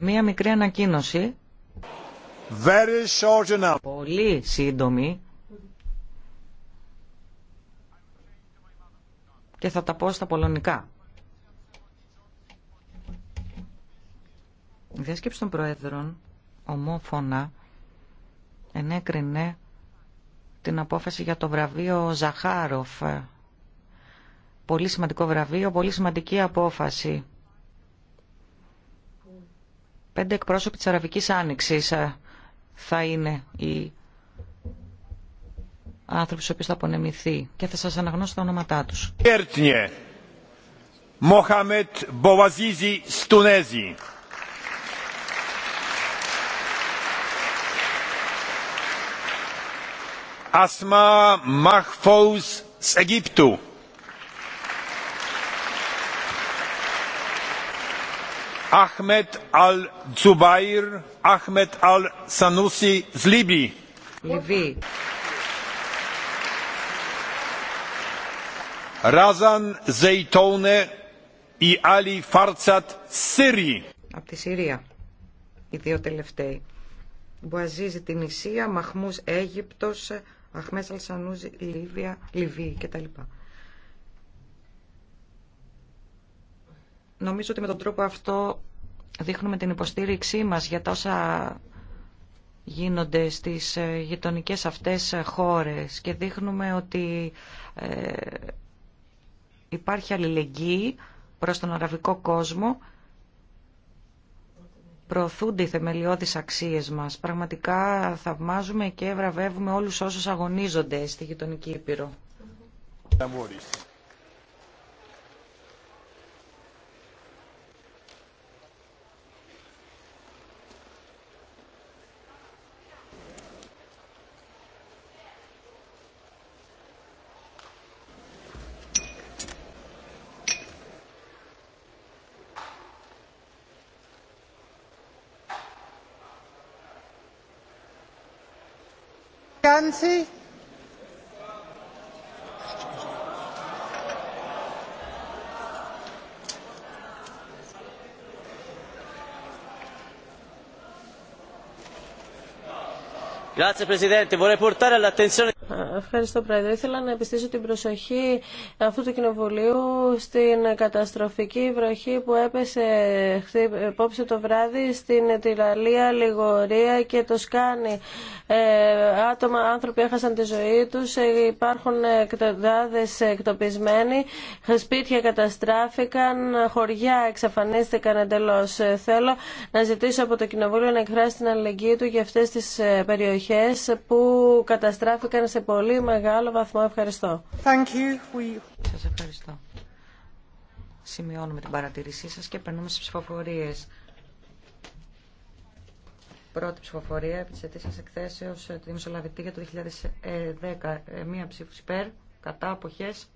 Μία μικρή ανακοίνωση. Πολύ σύντομη. Και θα τα πω στα πολωνικά. Η διάσκεψη των Προέδρων ομόφωνα ενέκρινε την απόφαση για το βραβείο Ζαχάροφ. Πολύ σημαντικό βραβείο, πολύ σημαντική απόφαση. Πέντε εκπρόσωποι της Αραβικής Άνοιξης ε, θα είναι οι άνθρωποι στους οποίους θα απονεμηθεί και θα σας αναγνώσω τα ονόματά τους. Έρτνιε, Μοχαμέτ Μποβαζίζη Στουνέζη. Ασμά Μαχφόους Αιγύπτου. Αχμετ Αλ zubair Αχμετ Αλ Σανούσι, z Λιβύη. Ράζαν Ζεϊτόνε ή Άλλη Φάρτσατ Σύρι. Από τη Συρία. Οι δύο τελευταίοι. Μποαζίζει την Ισία, Μαχμούς Αίγυπτος, Αχμές Αλσανούζη Λιβύη κτλ. Νομίζω ότι με τον τρόπο αυτό δείχνουμε την υποστήριξή μας για τα όσα γίνονται στις ε, γειτονικέ αυτές ε, χώρες και δείχνουμε ότι ε, υπάρχει αλληλεγγύη προς τον αραβικό κόσμο προωθούνται οι θεμελιώδεις αξίες μας. Πραγματικά θαυμάζουμε και βραβεύουμε όλους όσους αγωνίζονται στη γειτονική Ήπειρο. Ganzi. Grazie Presidente, vorrei portare all'attenzione. Ευχαριστώ, Πρόεδρε. Ήθελα να επιστήσω την προσοχή αυτού του κοινοβουλίου στην καταστροφική βροχή που έπεσε απόψε το βράδυ στην Τυραλία, Λιγορία και το Σκάνι. Ε, άτομα, άνθρωποι έχασαν τη ζωή τους, ε, υπάρχουν εκτοδάδε εκτοπισμένοι, σπίτια καταστράφηκαν, χωριά εξαφανίστηκαν εντελώς. Ε, θέλω να ζητήσω από το Κοινοβούλιο να εκφράσει την αλληλεγγύη του για αυτέ τι περιοχές που καταστράφηκαν σε πολύ μεγάλο βαθμό. Ευχαριστώ. Thank you. Σας ευχαριστώ. Σημειώνουμε την παρατηρήσή σας και περνούμε στις ψηφοφορίες. Πρώτη ψηφοφορία επί της αιτήσιας εκθέσεως ε, του Δημοσιολαβητή για το 2010. Ε, ε, μία ψήφους υπέρ, κατά, αποχές.